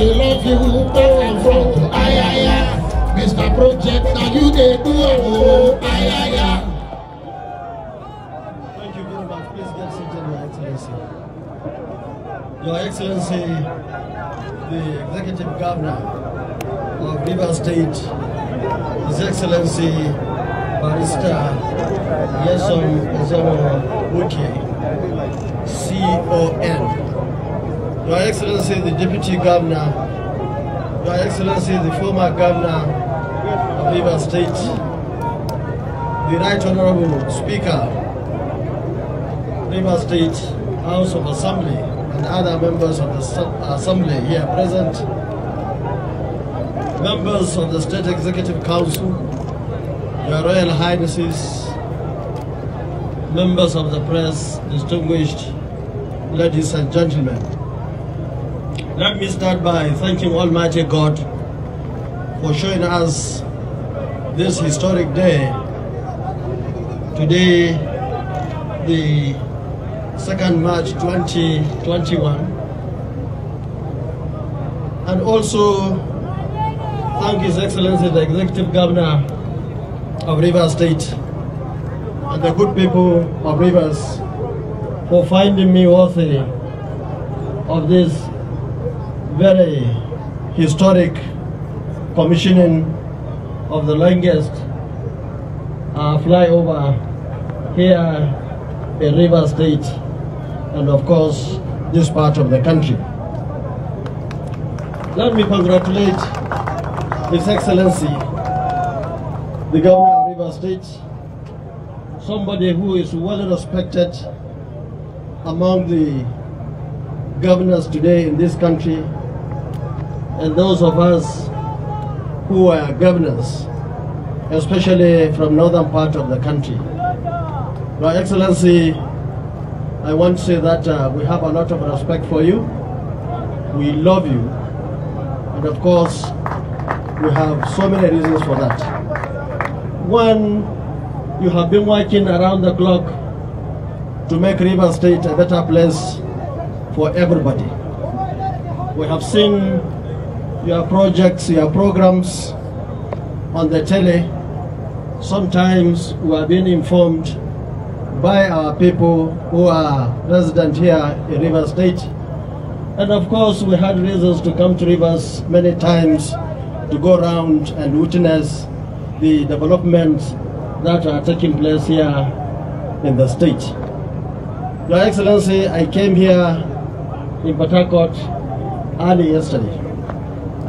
she love you, oh, oh, ay, ay, ay. Mr. Project, now you they do, oh, ay, ay, ay. Thank you very much. Please get seated, Your Excellency. Your Excellency, the Executive Governor of River State, His Excellency Barrister Yesom Ezomo Wuke, C-O-N. Your Excellency the Deputy Governor, Your Excellency the former Governor of River State, the Right Honorable Speaker, River State House of Assembly, and other members of the Assembly here present, members of the State Executive Council, Your Royal Highnesses, members of the press, distinguished ladies and gentlemen. Let me start by thanking Almighty God for showing us this historic day. Today, the 2nd March 2021. And also thank His Excellency the Executive Governor of Rivers State and the good people of Rivers for finding me worthy of this very historic commissioning of the longest uh, flyover here in River State and of course this part of the country. Let me congratulate His Excellency, the Governor of River State, somebody who is well respected among the governors today in this country and those of us who are governors, especially from northern part of the country. Your Excellency, I want to say that uh, we have a lot of respect for you. We love you. And of course, we have so many reasons for that. One, you have been working around the clock to make River State a better place for everybody. We have seen your projects, your programs on the tele. Sometimes we are being informed by our people who are resident here in River State. And of course, we had reasons to come to Rivers many times to go around and witness the developments that are taking place here in the state. Your Excellency, I came here in Patakot early yesterday.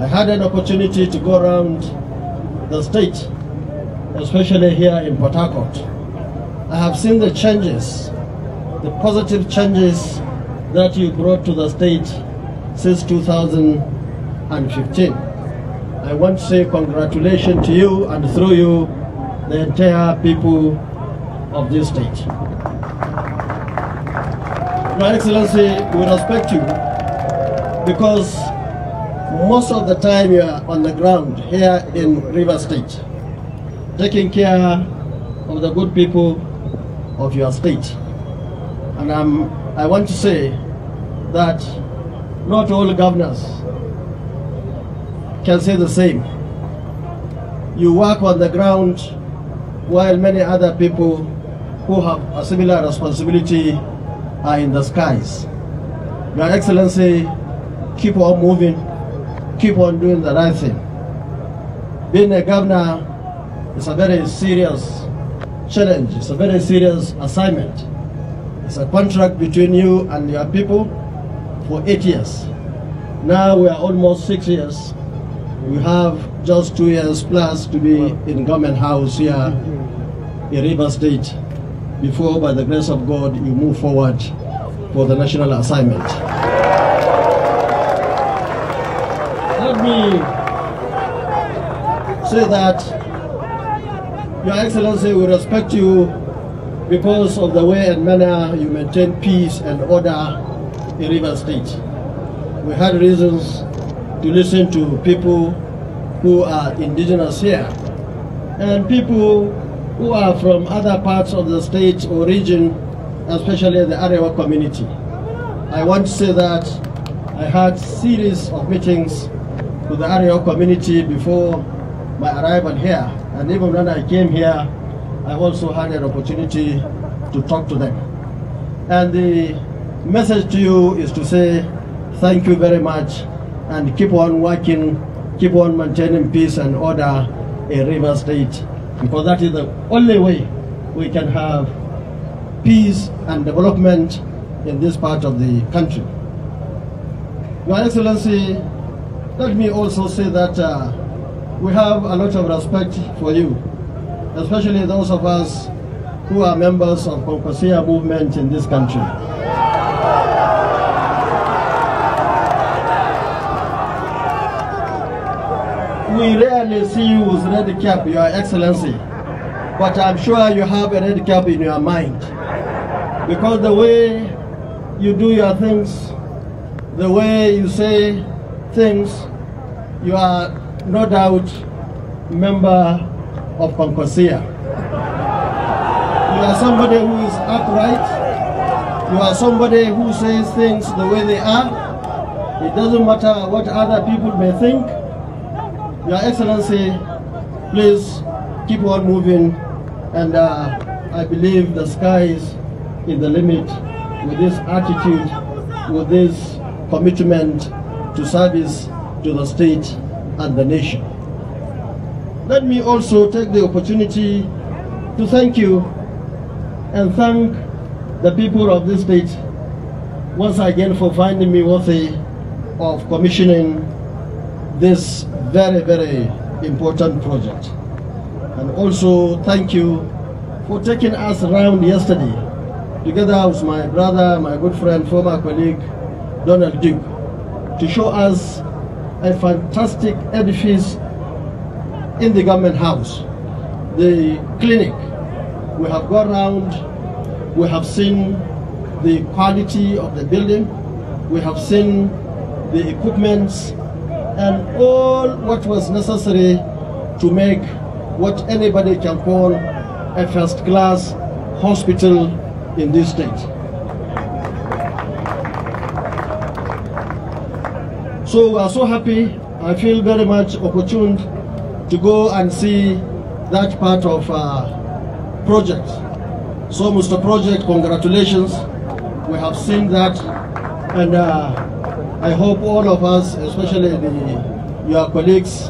I had an opportunity to go around the state, especially here in Port Harcourt. I have seen the changes, the positive changes that you brought to the state since 2015. I want to say congratulations to you and through you, the entire people of this state. Your Excellency, we respect you because most of the time you are on the ground here in River State, taking care of the good people of your state. And I'm, um, I want to say that not all governors can say the same. You work on the ground while many other people who have a similar responsibility are in the skies. Your Excellency, keep on moving keep on doing the right thing. Being a governor is a very serious challenge. It's a very serious assignment. It's a contract between you and your people for eight years. Now we are almost six years. We have just two years plus to be in government house here in River State before, by the grace of God, you move forward for the national assignment. me say that Your Excellency, will respect you because of the way and manner you maintain peace and order in River State. We had reasons to listen to people who are indigenous here and people who are from other parts of the state or region, especially the Arewa community. I want to say that I had series of meetings to the Ario community before my arrival here. And even when I came here, I also had an opportunity to talk to them. And the message to you is to say thank you very much and keep on working, keep on maintaining peace and order in River State because that is the only way we can have peace and development in this part of the country. Your Excellency, let me also say that uh, we have a lot of respect for you, especially those of us who are members of Kokosia movement in this country. We rarely see you with red cap, Your Excellency, but I'm sure you have a red cap in your mind. Because the way you do your things, the way you say things, you are no doubt member of Pankosia. You are somebody who is upright. You are somebody who says things the way they are. It doesn't matter what other people may think. Your Excellency, please keep on moving and uh, I believe the sky is in the limit with this attitude, with this commitment to service to the state and the nation. Let me also take the opportunity to thank you and thank the people of this state once again for finding me worthy of commissioning this very, very important project. And also thank you for taking us around yesterday together with my brother, my good friend, former colleague, Donald Duke to show us a fantastic edifice in the government house, the clinic. We have gone around, we have seen the quality of the building, we have seen the equipments and all what was necessary to make what anybody can call a first-class hospital in this state. So we are so happy. I feel very much opportuned to go and see that part of uh, project. So Mr. Project, congratulations. We have seen that and uh, I hope all of us, especially the, your colleagues,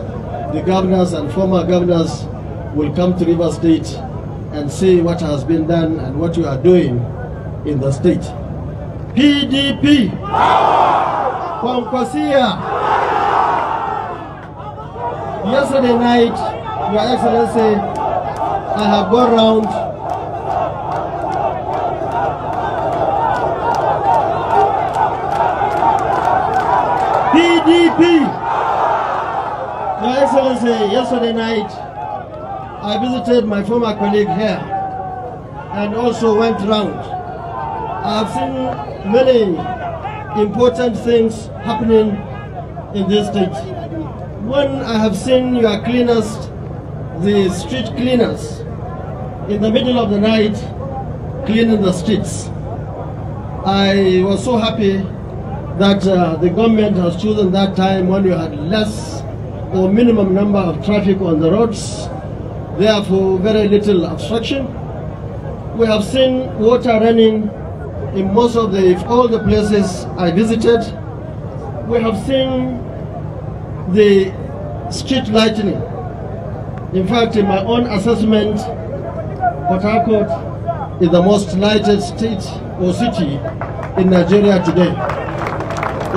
the governors and former governors will come to River State and see what has been done and what you are doing in the state. PDP! from Kosia. Yesterday night, Your Excellency, I have gone round PDP. Your Excellency, yesterday night, I visited my former colleague here and also went round. I have seen many important things happening in this state. When I have seen your cleaners, the street cleaners, in the middle of the night cleaning the streets, I was so happy that uh, the government has chosen that time when you had less or minimum number of traffic on the roads, therefore very little obstruction. We have seen water running in most of the, all the places I visited, we have seen the street lighting. In fact, in my own assessment, Port Harcourt is the most lighted state or city in Nigeria today.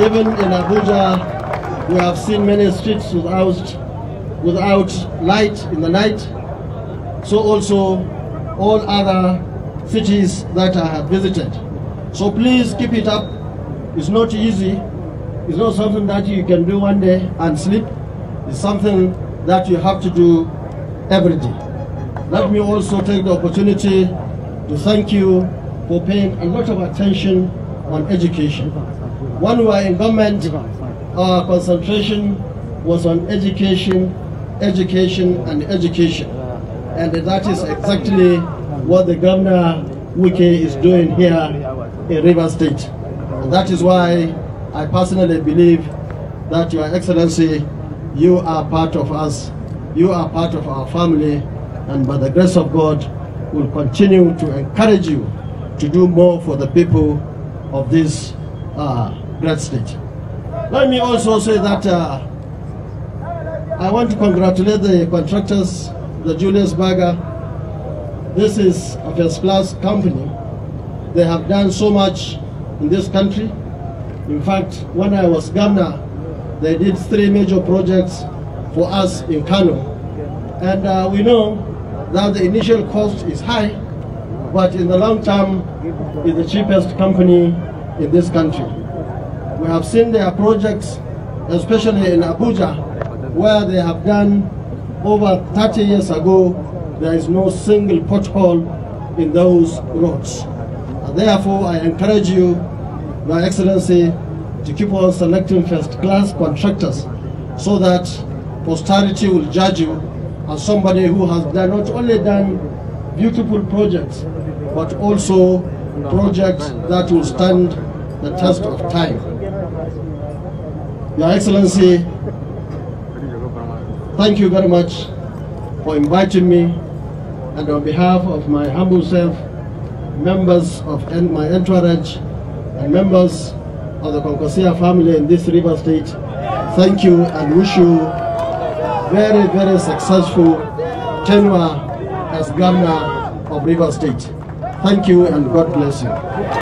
Even in Abuja, we have seen many streets without, without light in the night. So also all other cities that I have visited. So please keep it up. It's not easy. It's not something that you can do one day and sleep. It's something that you have to do every day. Let me also take the opportunity to thank you for paying a lot of attention on education. When we were in government, our concentration was on education, education, and education. And that is exactly what the governor Wiki is doing here a River State. And that is why I personally believe that Your Excellency, you are part of us, you are part of our family, and by the grace of God, will continue to encourage you to do more for the people of this uh, great state. Let me also say that uh, I want to congratulate the contractors, the Julius Berger. This is a first-class company they have done so much in this country. In fact, when I was governor, they did three major projects for us in Kano. And uh, we know that the initial cost is high, but in the long term, is the cheapest company in this country. We have seen their projects, especially in Abuja, where they have done over 30 years ago, there is no single pothole in those roads. Therefore, I encourage you, Your Excellency, to keep on selecting first-class contractors so that posterity will judge you as somebody who has done, not only done beautiful projects, but also projects that will stand the test of time. Your Excellency, thank you very much for inviting me and on behalf of my humble self, members of my entourage and members of the Konkosia family in this river state, thank you and wish you very, very successful tenure as governor of River State. Thank you and God bless you.